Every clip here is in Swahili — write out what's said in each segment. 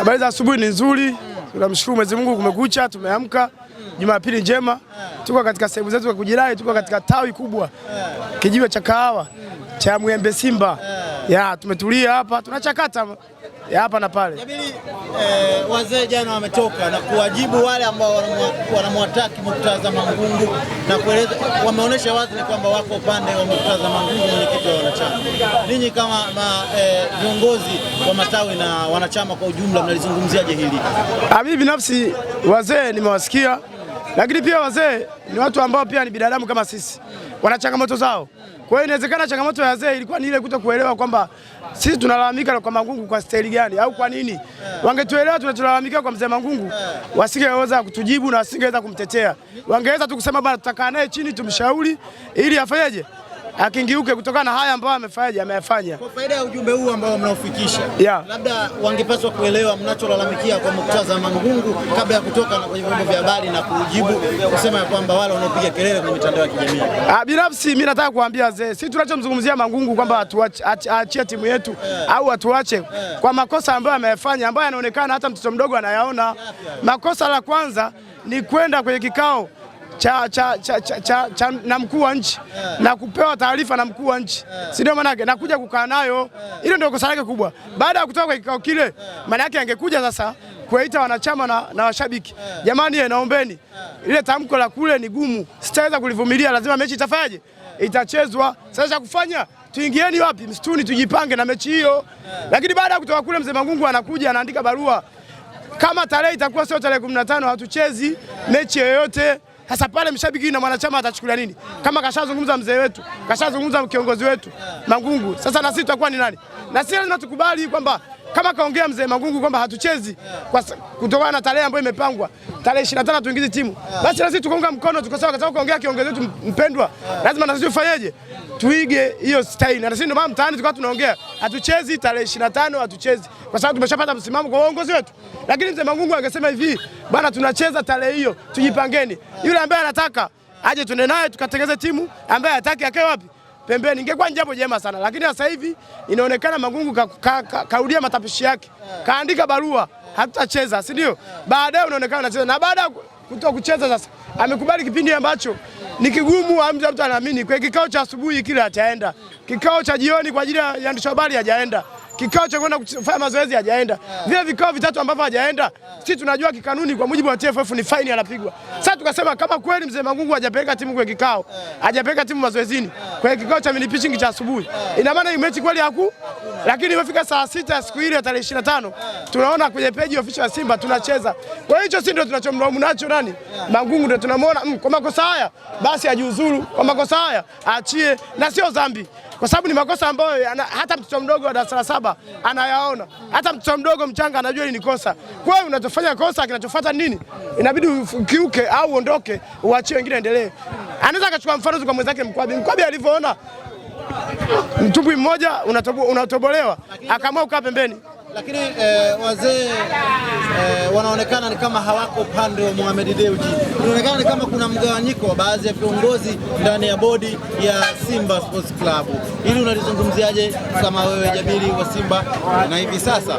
Habari za asubuhi ni nzuri, tunamshukuru Mwenyezi Mungu, kumekucha, tumeamka. Jumapili njema, tuko katika sehemu zetu za kujirai, tuko katika tawi kubwa kijiwe cha kahawa cha Mwembe Simba ya, tumetulia hapa tunachakata Eh, hapa na pale. Jabili, eh, wazee jana wametoka na kuwajibu wale ambao wanamwataki Murtaza Mangungu na kueleza, wameonyesha wazi kwamba wako upande wa Murtaza Mangungu, mwenyekiti wa wanachama. Ninyi kama eh, viongozi eh, wa matawi na wanachama kwa ujumla mnalizungumziaje hili? Ah, mimi binafsi wazee nimewasikia lakini pia wazee ni watu ambao pia ni binadamu kama sisi, wana changamoto zao. Kwa hiyo inawezekana changamoto ya wazee ilikuwa ni ile kuelewa kwamba sisi tunalalamika kwa Mangungu kwa staili gani au kwa nini. Wangetuelewa tunacholalamika kwa mzee Mangungu, wasingeweza kutujibu na wasingeweza kumtetea. Wangeweza tu kusema bana, tutakaa naye chini tumshauri ili afanyeje akingiuke kutokana na haya ambayo amefanya ameyafanya. Kwa faida ya ujumbe huu ambao mnaofikisha, yeah, labda wangepaswa kuelewa mnacholalamikia kwa muktadha wa Mangungu kabla ya kutoka na kwenye vyombo vya habari na kujibu kusema ya kwamba wale wanaopiga kelele kwenye mitandao ya kijamii. Ah, binafsi mimi nataka kuambia zee sisi tunachomzungumzia Mangungu kwamba aachie timu yetu yeah, au atuache yeah, kwa makosa ambayo ameyafanya ambayo yanaonekana hata mtoto mdogo anayaona. Yeah, yeah, yeah. Makosa la kwanza ni kwenda kwenye kikao cha, cha, cha, cha, cha, cha na mkuu wa nchi yeah. na kupewa taarifa na mkuu wa nchi yeah. si ndio maana yake nakuja kukaa nayo yeah. Ile ndio kosa lake kubwa. Baada ya kutoka kwa kikao kile yeah. maana yake angekuja sasa kuwaita wanachama na, na washabiki yeah. Jamani ye, eh, naombeni yeah. Ile tamko la kule ni gumu, sitaweza kulivumilia, lazima mechi itafanyaje? yeah. Itachezwa. Sasa cha kufanya tuingieni wapi? Msituni, tujipange na mechi hiyo yeah. Lakini baada ya kutoka kule mzee Mangungu anakuja anaandika barua kama tarehe itakuwa sio tarehe 15 hatuchezi yeah. mechi yoyote. Sasa pale mshabiki na mwanachama atachukulia nini? Kama kashazungumza mzee wetu, kashazungumza kiongozi wetu Mangungu, sasa na sisi tutakuwa ni nani? Na sisi lazima tukubali kwamba kama kaongea mzee Mangungu kwamba hatuchezi kwa kutokana na tarehe ambayo imepangwa tarehe 25 tuingize timu, basi na sisi tukaunga mkono, tukasema kwa sababu kaongea kiongozi wetu mpendwa, lazima na sisi tufanyeje? tuige hiyo staili. Na sisi ndio maana mtaani tulikuwa tunaongea, hatuchezi tarehe 25, hatuchezi kwa sababu tumeshapata msimamo kwa uongozi wetu. Lakini mzee Mangungu angesema hivi bwana, tunacheza tarehe hiyo, tujipangeni. Yule ambaye anataka aje tuende naye tukatengeze timu, ambaye hataki akae wapi pembeni. Ingekuwa jambo jema sana, lakini sasa hivi inaonekana Mangungu kaudia ka, ka, ka matapishi yake, kaandika barua hatutacheza, si ndio? Baadaye unaonekana unacheza, na baada ya kutoka kucheza sasa amekubali kipindi ambacho ni kigumu, mtu anaamini. Kwa kikao cha asubuhi kile ataenda, kikao cha jioni kwa ajili ya waandishi habari hajaenda kikao cha kwenda kufanya mazoezi hajaenda, vile vikao vitatu ambavyo hajaenda, sisi tunajua kikanuni kwa mujibu wa TFF ni faini anapigwa. Sasa tukasema kama kweli mzee Mangungu hajapeleka timu kwenye kikao, hajapeleka timu mazoezini kwenye kikao cha mini pitching cha asubuhi, ina maana hii mechi kweli haku, lakini imefika saa sita ya siku ile ya tarehe 25 tunaona kwenye peji official ya Simba tunacheza. Kwa hiyo hicho si ndio tunachomlaumu nacho nani? Mangungu ndio tunamwona mm, kwa makosa haya basi ajiuzuru, kwa makosa haya aachie, na sio dhambi kwa sababu ni makosa ambayo hata mtoto mdogo wa darasa la saba anayaona, hata mtoto mdogo mchanga anajua hili ni kosa. Kwa hiyo unachofanya kosa, kinachofuata nini? Inabidi ukiuke au uondoke, uachie wengine endelee. Anaweza akachukua mfano kwa mwenzake Mkwabi. Mkwabi alivyoona mtumbwi mmoja unatobolewa, akaamua kukaa pembeni. Lakini eh, wazee eh, wanaonekana ni kama hawako upande wa Mohamed Dewji. Inaonekana ni kama kuna mgawanyiko wa baadhi ya viongozi ndani ya bodi ya Simba Sports Club. Hili unalizungumziaje kama wewe jabiri wa Simba, na hivi sasa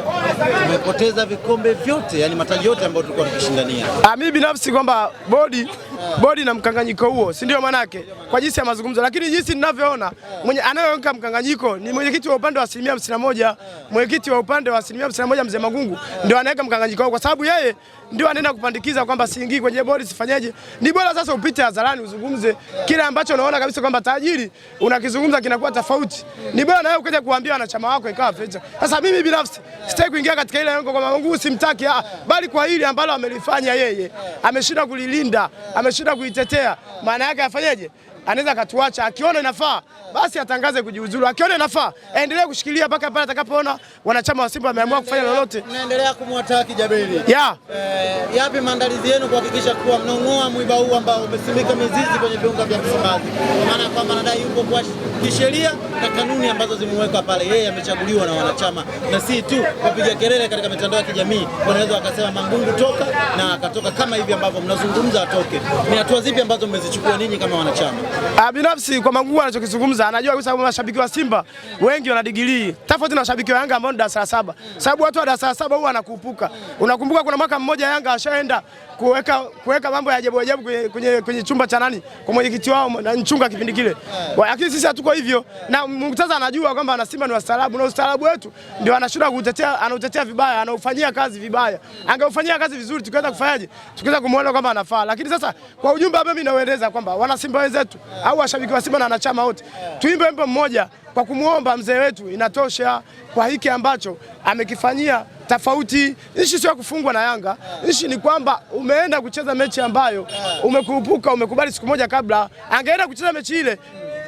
umepoteza vikombe vyote, yani mataji yote ambayo tulikuwa tukishindania? Ah, mimi binafsi kwamba bodi ah. bodi na mkanganyiko huo, si ndio manake kwa jinsi ya mazungumzo, lakini jinsi ninavyoona mwenye anayeweka mkanganyiko ni mwenyekiti wa upande wa asilimia 51, ah. mwenyekiti wa upande wa asilimia hamsini na moja mzee Magungu ndio anaweka mkanganyiko wao, kwa sababu yeye ndio anaenda kupandikiza kwamba siingii kwenye bodi sifanyeje. Ni bora sasa upite hadharani uzungumze kile ambacho unaona kabisa kwamba tajiri unakizungumza kinakuwa tofauti. Ni bora nawe ukaja kuambia wanachama wako ikawa fecha. Sasa mimi binafsi sitaki kuingia katika ile yango kwa Magungu, simtaki ah, bali kwa hili ambalo amelifanya yeye, ameshinda kulilinda, ameshinda kuitetea, maana yake afanyeje anaweza akatuacha, akiona inafaa basi atangaze kujiuzulu, akiona inafaa aendelee kushikilia mpaka pale atakapoona wanachama wa Simba wameamua kufanya lolote. Naendelea kumwataki Jabeli yeah. Eh, yapi maandalizi yenu kuhakikisha kuwa mnaong'oa mwiba huu ambao umesimika mizizi kwenye viunga vya Msimbazi, kwa maana kwamba nadai yuko kwa kisheria na kanuni ambazo zimewekwa pale. Yeye amechaguliwa na wanachama, na si tu wapiga kelele katika mitandao ya kijamii wanaweza wakasema Mangungu toka, na akatoka kama hivi ambavyo mnazungumza atoke. Ni hatua zipi ambazo mmezichukua ninyi kama wanachama? Ah, binafsi kwa Mangungu anachokizungumza anajua, kwa sababu mashabiki wa Simba wengi wana digirii tofauti na mashabiki wa Yanga ambao ni darasa la saba, sababu watu wa darasa la saba huwa wanakuupuka. Unakumbuka kuna mwaka mmoja Yanga ashaenda kuweka kuweka mambo ya ajabu ajabu kwenye, kwenye, kwenye chumba cha nani kwa mwenyekiti wao na mchunga kipindi kile, lakini sisi hatuko hivyo, na Murtaza anajua kwamba na Simba ni wastaarabu na ustaarabu wetu ndio anashinda kutetea, anautetea vibaya, anaufanyia kazi vibaya. Angeufanyia kazi vizuri, tukaweza kufanyaje, tukaweza kumuona kwamba anafaa. Lakini sasa kwa ujumbe ambao mimi naueleza kwamba wana Simba wenzetu au washabiki wa Simba na wanachama wote, tuimbe wimbo mmoja kwa kumwomba mzee wetu inatosha kwa hiki ambacho amekifanyia. Tofauti nchi sio kufungwa na Yanga, nchi ni kwamba umeenda kucheza mechi ambayo umekuupuka, umekubali siku moja kabla. Angeenda kucheza mechi ile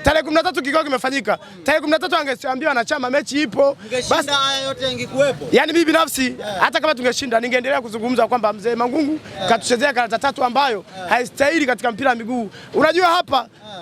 tarehe 13 kikao kimefanyika tarehe kumi na chama wanachama mechi ipo basi, yote ingekuwepo. Yani mimi binafsi yeah. hata kama tungeshinda ningeendelea kuzungumza kwamba mzee Mangungu yeah. katuchezea karata tatu ambayo yeah. haistahili katika mpira wa miguu. Unajua hapa yeah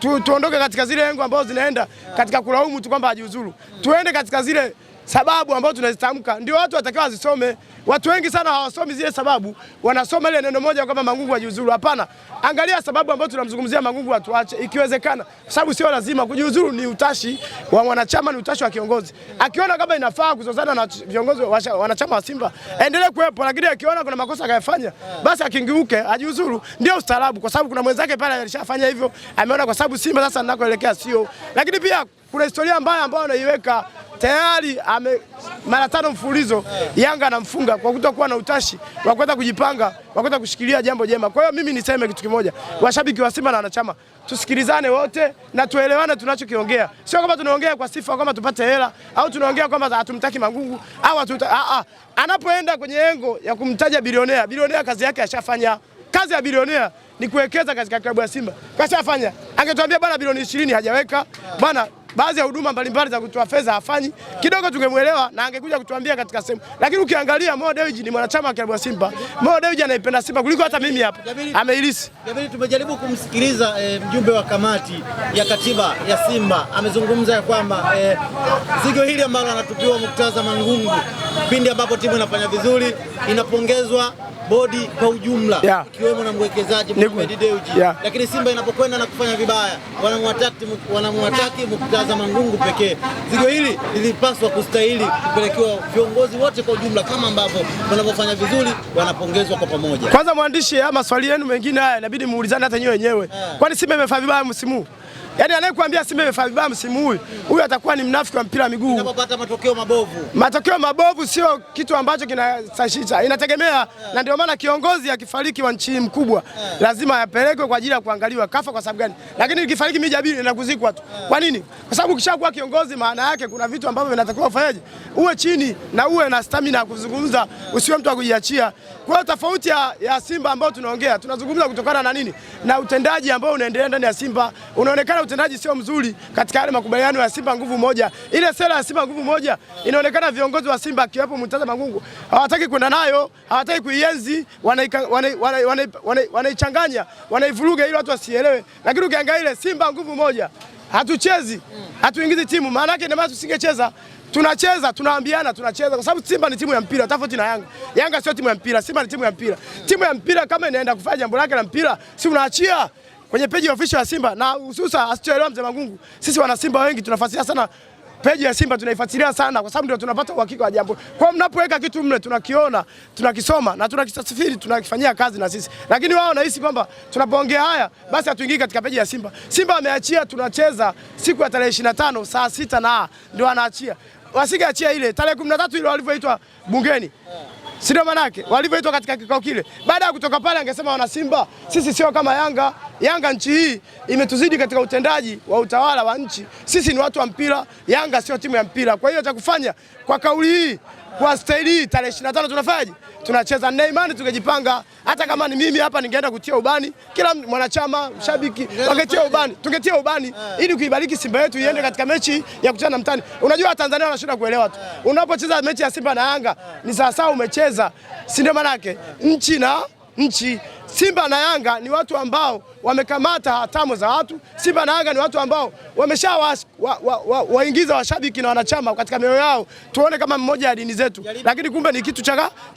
tuondoke tu, katika zile engo ambazo zinaenda katika kulaumu tu kwamba hajiuzuru, tuende katika zile sababu ambazo tunazitamka ndio watu watakiwa wazisome. Watu wengi sana hawasomi zile sababu, wanasoma ile neno moja kwamba Mangungu ajiuzuru. Hapana, angalia sababu ambazo tunamzungumzia Mangungu atuache, ikiwezekana, sababu sio lazima kujiuzuru. Ni utashi wa wanachama, ni utashi wa kiongozi. Akiona kama inafaa kuzozana na viongozi wanachama wa Simba endelee kuwepo, lakini akiona kuna makosa akayafanya, basi akingiuke ajiuzuru. Ndio ustaarabu, kwa sababu kuna mwenzake pale alishafanya hivyo, ameona kwa sababu Simba sasa ninakoelekea sio. Lakini pia kuna historia mbaya ambayo anaiweka tayari ame mara tano mfululizo Yanga anamfunga kwa kutokuwa na utashi wa kuweza kujipanga, wa kuweza kushikilia jambo jema. Kwa hiyo mimi niseme kitu kimoja, washabiki wa Simba na wanachama, tusikilizane wote na tuelewane tunachokiongea. Sio kama tunaongea kwa sifa kwamba tupate hela au tunaongea kwamba hatumtaki Mangungu au hatuta, a a, anapoenda kwenye engo ya kumtaja bilionea, bilionea kazi yake ashafanya. Kazi ya bilionea ni kuwekeza katika klabu ya Simba, kashafanya. Angetuambia bwana bilioni 20 hajaweka bwana baadhi ya huduma mbalimbali za kutoa fedha hafanyi, kidogo tungemwelewa na angekuja kutuambia katika sehemu. Lakini ukiangalia Mo Dewji ni mwanachama wa klabu ya Simba. Mo Dewji anaipenda Simba kuliko hata mimi hapa, ameilisi. Tumejaribu kumsikiliza e, mjumbe wa kamati ya katiba ya Simba amezungumza ya kwamba e, zigo hili ambalo anatupiwa muktaza Mangungu pindi ambapo timu inafanya vizuri inapongezwa bodi kwa ujumla yeah. Ikiwemo na mwekezaji Mohamed Dewji yeah. Lakini Simba inapokwenda na kufanya vibaya wanamwataki wanamwataki mkutaza Mangungu pekee. Zigo hili lilipaswa kustahili kupelekewa viongozi wote kwa ujumla, kama ambavyo wanapofanya vizuri wanapongezwa kwa pamoja. Kwanza mwandishi, maswali yenu mengine haya inabidi muulizane hata nyewe wenyewe, eh. kwani Simba imefanya vibaya msimu Yaani anayekuambia Simba imefanya vibaya msimu huu, huyu atakuwa ni mnafiki wa mpira miguu. Unapopata matokeo mabovu, matokeo mabovu sio kitu ambacho kinasashisha, inategemea yeah. Na ndio maana kiongozi akifariki wa nchi mkubwa yeah, lazima yapelekwe kwa ajili ya kuangaliwa kafa kwa sababu gani, lakini ikifariki mijabili na kuzikwa tu yeah. Kwa nini? Kwa sababu ukishakuwa kiongozi, maana yake kuna vitu ambavyo vinatakiwa ufanyaje, uwe chini na uwe na stamina ya kuzungumza, yeah. usiwe mtu wa kujiachia. Kwa hiyo tofauti ya, ya Simba ambayo tunaongea tunazungumza kutokana na nini, na utendaji ambao unaendelea ndani ya Simba unaonekana utendaji sio mzuri katika yale makubaliano ya Simba nguvu moja. Ile sera ya Simba nguvu moja inaonekana viongozi wa Simba akiwepo Murtaza Mangungu hawataki kwenda nayo, hawataki kuienzi, wanaichanganya, wanaivuruga ili watu wasielewe. Lakini ukiangalia ile Simba nguvu moja hatuchezi, hatuingizi timu, maana yake ndio maana tusingecheza tunacheza tunaambiana, tunacheza kwa sababu Simba ni timu ya mpira, tofauti na Yanga. Yanga sio timu ya mpira, Simba ni timu ya mpira. Timu ya mpira kama inaenda kufanya jambo lake la mpira, si unaachia kwenye peji ya official ya Simba na hususa asichoelewa mzee Mangungu, sisi wana Simba wengi tunafuatilia sana peji ya Simba tunaifuatilia sana kwa sababu ndio tunapata uhakika wa jambo. Kwa mnapoweka kitu mle tunakiona, tunakisoma na tunakisafiri, tunakifanyia kazi na sisi. Lakini wao wanahisi kwamba tunapoongea haya basi hatuingii katika peji ya Simba. Simba ameachia tunacheza siku ya tarehe 25 saa sita na ndio anaachia. Wasingeachia ile tarehe 13 ile walivyoitwa bungeni si ndio yake walivyoitwa katika kikao kile. Baada ya kutoka pale, angesema wana Simba, sisi sio kama Yanga. Yanga nchi hii imetuzidi katika utendaji wa utawala wa nchi. Sisi ni watu wa mpira, Yanga sio timu ya mpira. Kwa hiyo cha kufanya kwa kauli hii kwa staili hii tarehe 25 tano tunafanyaje? Tunacheza Neymar, tungejipanga. Hata kama ni mimi hapa ningeenda kutia ubani, kila mwanachama mshabiki wangetia ubani, tungetia ubani eh. ili kuibariki Simba yetu iende katika mechi ya kucheza na mtani. Unajua Tanzania wanashinda kuelewa tu, eh. unapocheza mechi ya Simba na Yanga ni sawasawa umecheza, si ndio? Eh. nchi na nchi Simba na Yanga ni watu ambao wamekamata hatamu za watu. Simba na Yanga ni watu ambao wameshawaingiza wa, wa, wa, wa washabiki na wanachama katika mioyo yao, tuone kama mmoja ya dini zetu, lakini kumbe ni kitu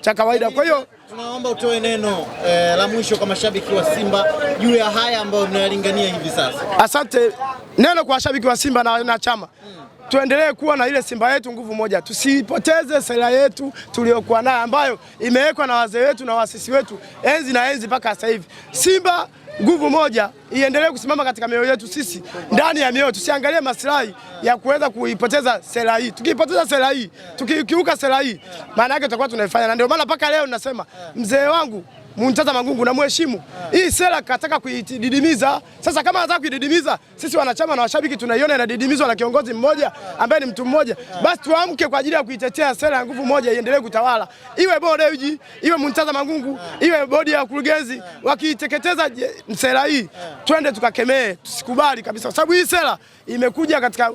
cha kawaida. Kwa hiyo tunaomba utoe neno eh, la mwisho kwa mashabiki wa Simba juu ya haya ambayo mnayalingania hivi sasa. Asante. Neno kwa washabiki wa Simba na wanachama hmm tuendelee kuwa na ile Simba yetu nguvu moja, tusipoteze sera yetu tuliyokuwa nayo ambayo imewekwa na wazee wetu na waasisi wetu enzi na enzi mpaka sasa hivi. Simba nguvu moja iendelee kusimama katika mioyo yetu sisi, ndani ya mioyo, tusiangalie maslahi ya kuweza kuipoteza sera hii. Tukiipoteza sera hii, tukikiuka sera hii, maana yake tutakuwa tunaifanya, na ndio maana mpaka leo ninasema mzee wangu Muntaza Mangungu na mheshimu. Eh. Hii sera kataka kuididimiza. Sasa kama anataka kuididimiza, sisi wanachama na washabiki tunaiona inadidimizwa na kiongozi mmoja ambaye ni mtu mmoja. Eh. Basi tuamke kwa ajili ya kuitetea sera ya nguvu moja iendelee kutawala. Iwe hiji, iwe Muntaza Mangungu, eh. iwe bodi ya wakurugenzi wakiiteketeza sera hii. Twende tukakemee, tusikubali kabisa kwa sababu hii sera imekuja katika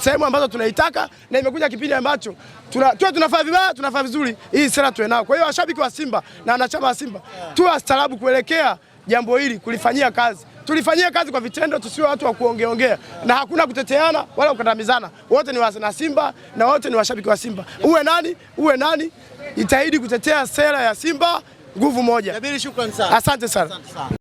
sehemu ambazo tunaitaka na imekuja kipindi ambacho tuna tuwe tunafaa vibaya, tunafaa vizuri, hii sera tuwe nao. Kwa hiyo washabiki wa Simba na wanachama wa Simba tuwe wastaarabu kuelekea jambo hili, kulifanyia kazi tulifanyia kazi kwa vitendo, tusiwe watu wa kuongeongea, na hakuna kuteteana wala kukandamizana. Wote ni wana Simba na wote ni washabiki wa Simba, uwe nani uwe nani, itahidi kutetea sera ya Simba. Nguvu moja. Jabiri, shukrani sana, asante sana.